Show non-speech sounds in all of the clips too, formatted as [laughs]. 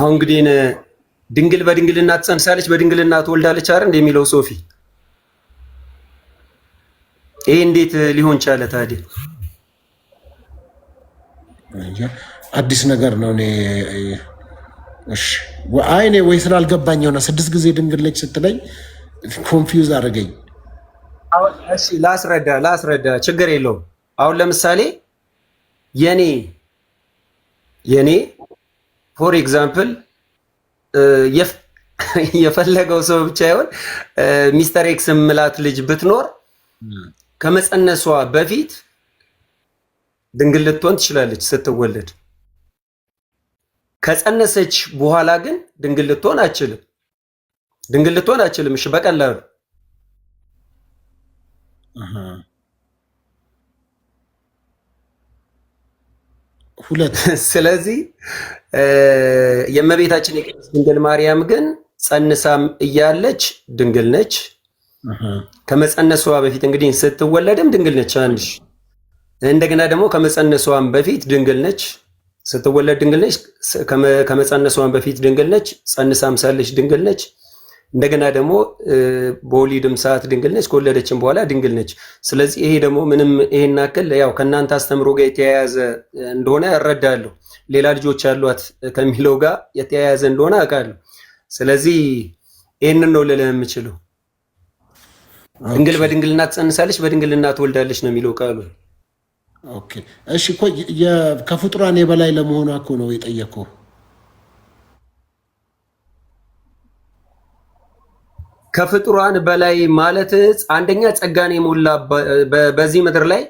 አሁን እንግዲህ ድንግል በድንግልና ትጸንሳለች በድንግልና ትወልዳለች አይደል እንደሚለው ሶፊ ይሄ እንዴት ሊሆን ቻለ ታዲያ? አዲስ ነገር ነው። እኔ እሺ ወይ ስላልገባኝ የሆነ ስድስት ጊዜ ድንግል ነች ስትለኝ ኮንፊውዝ አድርገኝ። እሺ ላስረዳ ላስረዳ፣ ችግር የለውም። አሁን ለምሳሌ የኔ የኔ ፎር ኤግዛምፕል [laughs] የፈለገው ሰው ብቻ ይሆን ሚስተር ኤክስ ምላት ልጅ ብትኖር ከመፀነሷ በፊት ድንግል ልትሆን ትችላለች ስትወለድ። ከፀነሰች በኋላ ግን ድንግል ልትሆን አችልም። ድንግል ልትሆን አችልም። እሺ በቀላሉ ሁለት [laughs] ስለዚህ የእመቤታችን የቅድስት ድንግል ማርያም ግን ጸንሳም እያለች ድንግል ነች። ከመጸነሷ በፊት እንግዲህ ስትወለድም ድንግል ነች። አንድ እንደገና ደግሞ ከመጸነሷም በፊት ድንግል ነች። ስትወለድ ድንግል ነች። ከመጸነሷም በፊት ድንግል ነች። ጸንሳም ሳለች ድንግል ነች። እንደገና ደግሞ በወሊድም ሰዓት ድንግል ነች፣ ከወለደችም በኋላ ድንግል ነች። ስለዚህ ይሄ ደግሞ ምንም ይሄን አክል ያው ከእናንተ አስተምሮ ጋር የተያያዘ እንደሆነ እረዳለሁ። ሌላ ልጆች ያሏት ከሚለው ጋር የተያያዘ እንደሆነ አውቃለሁ። ስለዚህ ይህንን ነው ልልህ የምችለው። ድንግል በድንግልና ትጸንሳለች፣ በድንግልና ትወልዳለች ነው የሚለው ቃሉ። እሺ እኮ ከፍጡራን የበላይ ለመሆኗ እኮ ነው የጠየቀው ከፍጡራን በላይ ማለት አንደኛ ጸጋን የሞላ በዚህ ምድር ላይ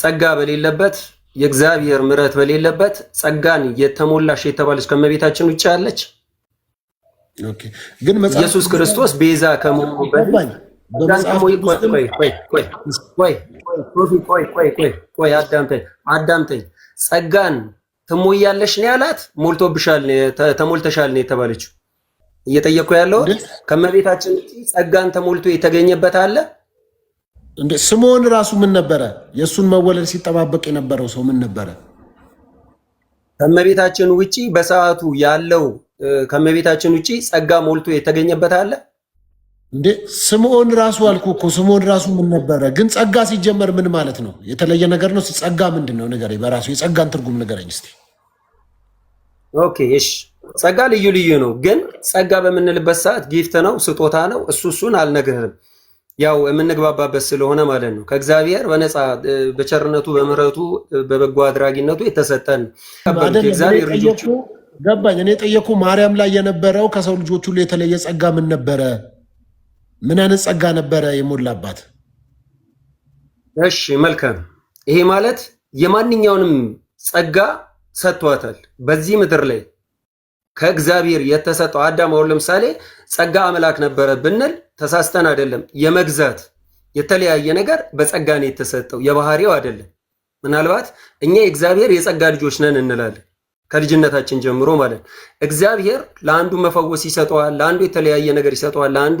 ጸጋ በሌለበት የእግዚአብሔር ምሕረት በሌለበት ጸጋን የተሞላሽ የተባለች ከመቤታችን ውጭ አለች። ግን ኢየሱስ ክርስቶስ ቤዛ ከመሆኑ ጸጋን ትሞያለሽ ነው ያላት። ሞልቶብሻል፣ ተሞልተሻል ነው የተባለችው እየጠየኩ ያለው ከመቤታችን ጸጋን ተሞልቶ የተገኘበት አለ እንዴ? ስምዖን ራሱ ምን ነበረ? የእሱን መወለድ ሲጠባበቅ የነበረው ሰው ምን ነበረ? ከመቤታችን ውጪ በሰዓቱ ያለው ከመቤታችን ውጪ ጸጋ ሞልቶ የተገኘበት አለ እንዴ? ስምዖን ራሱ አልኩ እኮ ስምዖን ራሱ ምን ነበረ? ግን ጸጋ ሲጀመር ምን ማለት ነው? የተለየ ነገር ነው። ጸጋ ምንድን ነው? ንገረኝ። በራሱ የጸጋን ትርጉም ንገረኝ እስኪ። ኦኬ እሺ ጸጋ ልዩ ልዩ ነው። ግን ጸጋ በምንልበት ሰዓት ጊፍት ነው፣ ስጦታ ነው። እሱ እሱን አልነግርህም፣ ያው የምንግባባበት ስለሆነ ማለት ነው። ከእግዚአብሔር በነፃ በቸርነቱ በምሕረቱ በበጎ አድራጊነቱ የተሰጠን ገባኝ። እኔ ጠየኩ ማርያም ላይ የነበረው ከሰው ልጆች ሁሉ የተለየ ጸጋ ምን ነበረ? ምን አይነት ጸጋ ነበረ የሞላባት? እሺ መልካም። ይሄ ማለት የማንኛውንም ጸጋ ሰጥቷታል በዚህ ምድር ላይ ከእግዚአብሔር የተሰጠው አዳም አሁን ለምሳሌ ጸጋ አምላክ ነበረ ብንል ተሳስተን አይደለም። የመግዛት የተለያየ ነገር በጸጋ ነው የተሰጠው፣ የባህሪው አይደለም። ምናልባት እኛ የእግዚአብሔር የጸጋ ልጆች ነን እንላለን ከልጅነታችን ጀምሮ ማለት ነው። እግዚአብሔር ለአንዱ መፈወስ ይሰጠዋል፣ ለአንዱ የተለያየ ነገር ይሰጠዋል፣ ለአንዱ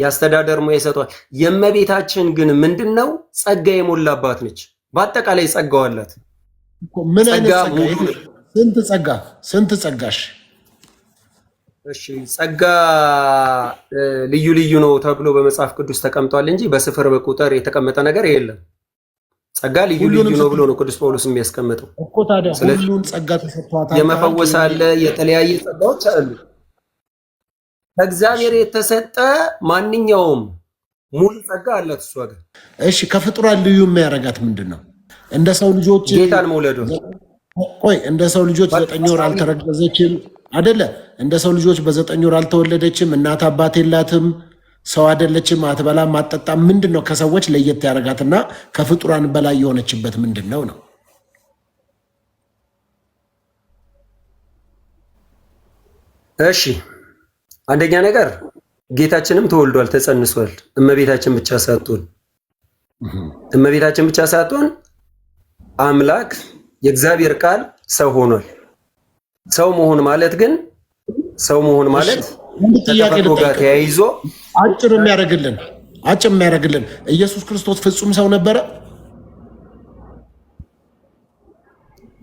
የአስተዳደር ሙያ ይሰጠዋል። የእመቤታችን ግን ምንድን ነው? ጸጋ የሞላባት ነች። በአጠቃላይ ጸጋው አላት። ምን አይነት ጸጋ? ስንት ጸጋ ስንት ጸጋሽ እሺ ጸጋ ልዩ ልዩ ነው ተብሎ በመጽሐፍ ቅዱስ ተቀምጧል እንጂ በስፍር በቁጥር የተቀመጠ ነገር የለም። ጸጋ ልዩ ልዩ ነው ብሎ ነው ቅዱስ ጳውሎስ የሚያስቀምጠው። የመፈወስ አለ፣ የተለያየ ጸጋዎች አሉ። ከእግዚአብሔር የተሰጠ ማንኛውም ሙሉ ጸጋ አላት እሷ ጋር። እሺ ከፍጡራን ልዩ የሚያደርጋት ምንድን ነው? እንደ ሰው ልጆች ጌታን መውለዱ። ቆይ እንደ ሰው ልጆች ዘጠኝ ወር አልተረገዘችም አደለ? እንደ ሰው ልጆች በዘጠኝ ወር አልተወለደችም፣ እናት አባት የላትም፣ ሰው አደለችም፣ አትበላም፣ አጠጣም ምንድን ነው ከሰዎች ለየት ያደረጋትና ከፍጡራን በላይ የሆነችበት ምንድን ነው ነው እሺ አንደኛ ነገር ጌታችንም ተወልዷል፣ ተጸንሷል። እመቤታችን ብቻ ሳትሆን እመቤታችን ብቻ ሳትሆን አምላክ የእግዚአብሔር ቃል ሰው ሆኗል። ሰው መሆን ማለት ግን ሰው መሆን ማለት ከተፈጥሮ ጋር ተያይዞ አጭር የሚያደርግልን አጭር የሚያደርግልን ኢየሱስ ክርስቶስ ፍጹም ሰው ነበረ።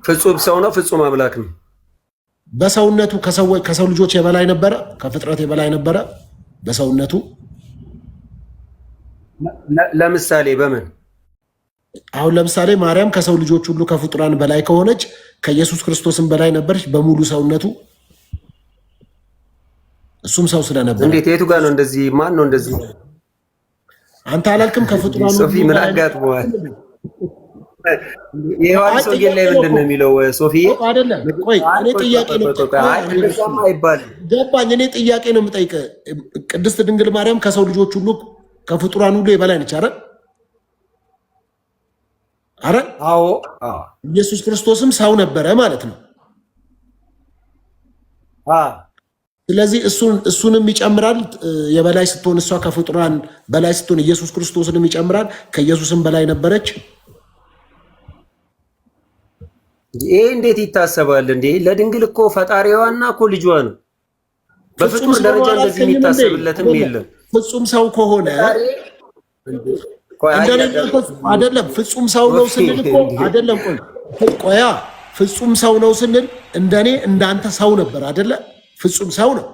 ፍጹም ሰው ነው። ፍጹም አምላክ ነው። በሰውነቱ ከሰው ልጆች የበላይ ነበረ። ከፍጥረት የበላይ ነበረ በሰውነቱ። ለምሳሌ በምን አሁን ለምሳሌ ማርያም ከሰው ልጆች ሁሉ ከፍጡራን በላይ ከሆነች ከኢየሱስ ክርስቶስን በላይ ነበረች በሙሉ ሰውነቱ እሱም ሰው ስለነበረ እንዴት የቱ ጋር ነው እንደዚህ ማን ነው እንደዚህ አንተ አላልክም ከፍጡራን ሶፊ ምን አጋጥመዋል የዮሐንስ ወንጌል ላይ ምንድን ነው የሚለው ሶፊ አይደለም ቆይ እኔ ጥያቄ ነው ገባኝ እኔ ጥያቄ ነው የምጠይቅህ ቅድስት ድንግል ማርያም ከሰው ልጆች ሁሉ ከፍጡራን ሁሉ የበላይ ነች አይደል አረ አዎ ኢየሱስ ክርስቶስም ሰው ነበረ ማለት ነው። ስለዚህ እሱን እሱንም ይጨምራል። የበላይ ስትሆን እሷ ከፍጡራን በላይ ስትሆን ኢየሱስ ክርስቶስንም ይጨምራል። ከኢየሱስም በላይ ነበረች። ይሄ እንዴት ይታሰባል እንዴ? ለድንግል እኮ ፈጣሪዋና እኮ ልጇ ነው። በፍጡር ደረጃ እንደዚህ የሚታሰብለትም የለም። ፍጹም ሰው ከሆነ አይደለም ፍጹም ሰው ነው ስንል እኮ አይደለም። ቆይ ቆያ ፍጹም ሰው ነው ስንል እንደኔ እንዳንተ ሰው ነበር አይደለ? ፍጹም ሰው ነው።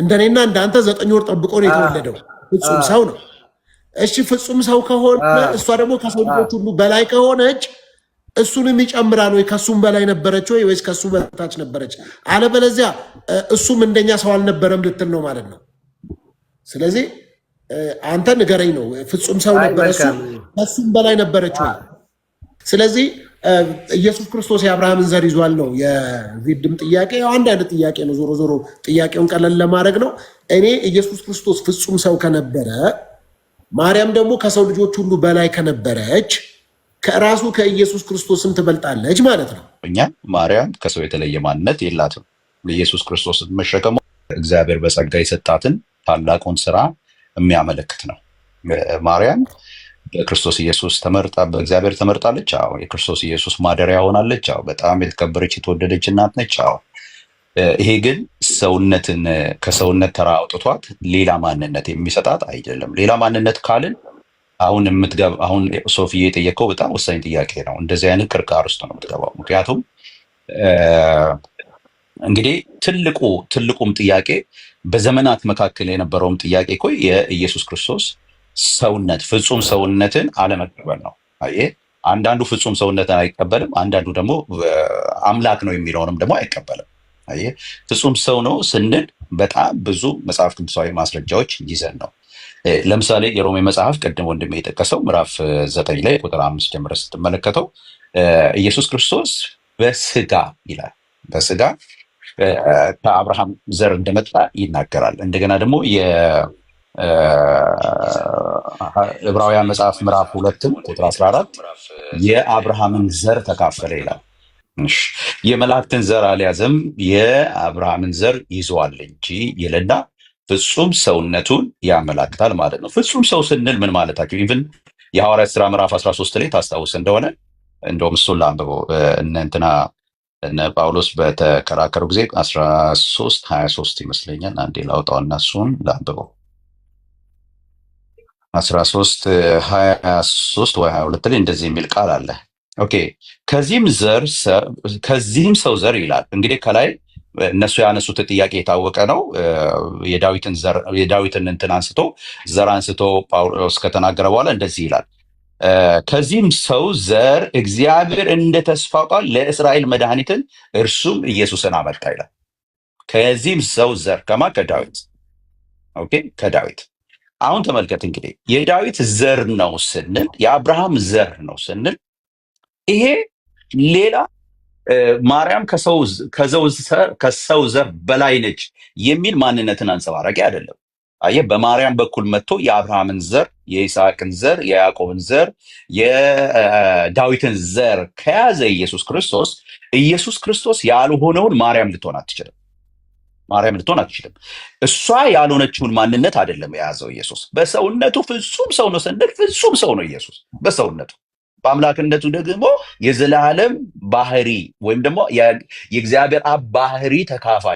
እንደኔና እንዳንተ ዘጠኝ ወር ጠብቆ ነው የተወለደው። ፍጹም ሰው ነው። እሺ ፍጹም ሰው ከሆነ እሷ ደግሞ ከሰው ልጆች ሁሉ በላይ ከሆነች እሱንም ይጨምራል ወይ? ከሱም በላይ ነበረች ወይ ወይስ ከሱ በታች ነበረች? አለበለዚያ እሱም እንደኛ ሰው አልነበረም ልትል ነው ማለት ነው። ስለዚህ አንተ ንገረኝ ነው። ፍጹም ሰው ነበረ፣ ከሱም በላይ ነበረች። ስለዚህ ኢየሱስ ክርስቶስ የአብርሃምን ዘር ይዟል ነው የቪድም ጥያቄ። ያው አንድ አይነት ጥያቄ ነው። ዞሮ ዞሮ ጥያቄውን ቀለል ለማድረግ ነው። እኔ ኢየሱስ ክርስቶስ ፍጹም ሰው ከነበረ ማርያም ደግሞ ከሰው ልጆች ሁሉ በላይ ከነበረች ከራሱ ከኢየሱስ ክርስቶስም ትበልጣለች ማለት ነው። እኛ ማርያም ከሰው የተለየ ማንነት የላትም። ለኢየሱስ ክርስቶስ መሸከሙ እግዚአብሔር በጸጋ የሰጣትን ታላቁን ስራ የሚያመለክት ነው። ማርያም በክርስቶስ ኢየሱስ ተመርጣ በእግዚአብሔር ተመርጣለች። አዎ፣ የክርስቶስ ኢየሱስ ማደሪያ ሆናለች። አዎ፣ በጣም የተከበረች የተወደደች እናት ነች። አዎ። ይሄ ግን ሰውነትን ከሰውነት ተራ አውጥቷት ሌላ ማንነት የሚሰጣት አይደለም። ሌላ ማንነት ካልን አሁን የምትገባ አሁን ሶፊ የጠየቀው በጣም ወሳኝ ጥያቄ ነው። እንደዚህ አይነት ክርካር ውስጥ ነው የምትገባው። ምክንያቱም እንግዲህ ትልቁ ትልቁም ጥያቄ በዘመናት መካከል የነበረውም ጥያቄ እኮ የኢየሱስ ክርስቶስ ሰውነት ፍጹም ሰውነትን አለመቀበል ነው። አየህ አንዳንዱ ፍጹም ሰውነትን አይቀበልም፣ አንዳንዱ ደግሞ አምላክ ነው የሚለውንም ደግሞ አይቀበልም። አየህ ፍጹም ሰው ነው ስንል በጣም ብዙ መጽሐፍ ቅዱሳዊ ማስረጃዎች ይዘን ነው። ለምሳሌ የሮሜ መጽሐፍ ቅድም ወንድሜ የጠቀሰው ምዕራፍ ዘጠኝ ላይ ቁጥር አምስት ጀምረ ስትመለከተው ኢየሱስ ክርስቶስ በስጋ ይላል በስጋ ከአብርሃም ዘር እንደመጣ ይናገራል። እንደገና ደግሞ የዕብራውያን መጽሐፍ ምዕራፍ ሁለትም ቁጥር 14 የአብርሃምን ዘር ተካፈለ ይላል። የመላእክትን ዘር አልያዘም የአብርሃምን ዘር ይዘዋል እንጂ ይልና ፍጹም ሰውነቱን ያመላክታል ማለት ነው። ፍጹም ሰው ስንል ምን ማለታቸው ኢቭን የሐዋርያት ስራ ምዕራፍ 13 ላይ ታስታውስ እንደሆነ እንደውም እሱን ለአንብበው እነ እንትና እነ ጳውሎስ በተከራከሩ ጊዜ 13 23 ይመስለኛል። አንዴ ላውጣውና እሱን ላንብበው። 13 23 ወይ 22 ላይ እንደዚህ የሚል ቃል አለ። ከዚህም ሰው ዘር ይላል። እንግዲህ ከላይ እነሱ ያነሱት ጥያቄ የታወቀ ነው። የዳዊትን ዘር የዳዊትን እንትን አንስቶ ዘር አንስቶ ጳውሎስ ከተናገረ በኋላ እንደዚህ ይላል። ከዚህም ሰው ዘር እግዚአብሔር እንደ ተስፋው ቃል ለእስራኤል መድኃኒትን እርሱም ኢየሱስን አመልካ ይላል። ከዚህም ሰው ዘር ከማ ከዳዊት ኦኬ፣ ከዳዊት አሁን ተመልከት እንግዲህ የዳዊት ዘር ነው ስንል የአብርሃም ዘር ነው ስንል ይሄ ሌላ ማርያም ከሰው ዘር በላይ ነች የሚል ማንነትን አንጸባራቂ አይደለም። አየህ በማርያም በኩል መጥቶ የአብርሃምን ዘር የይስሐቅን ዘር የያዕቆብን ዘር የዳዊትን ዘር ከያዘ ኢየሱስ ክርስቶስ ኢየሱስ ክርስቶስ ያልሆነውን ማርያም ልትሆን አትችልም። ማርያም ልትሆን አትችልም። እሷ ያልሆነችውን ማንነት አይደለም የያዘው ኢየሱስ። በሰውነቱ ፍጹም ሰው ነው ስንል ፍጹም ሰው ነው ኢየሱስ በሰውነቱ በአምላክነቱ ደግሞ የዘላለም ባህሪ ወይም ደግሞ የእግዚአብሔር አብ ባህሪ ተካፋይ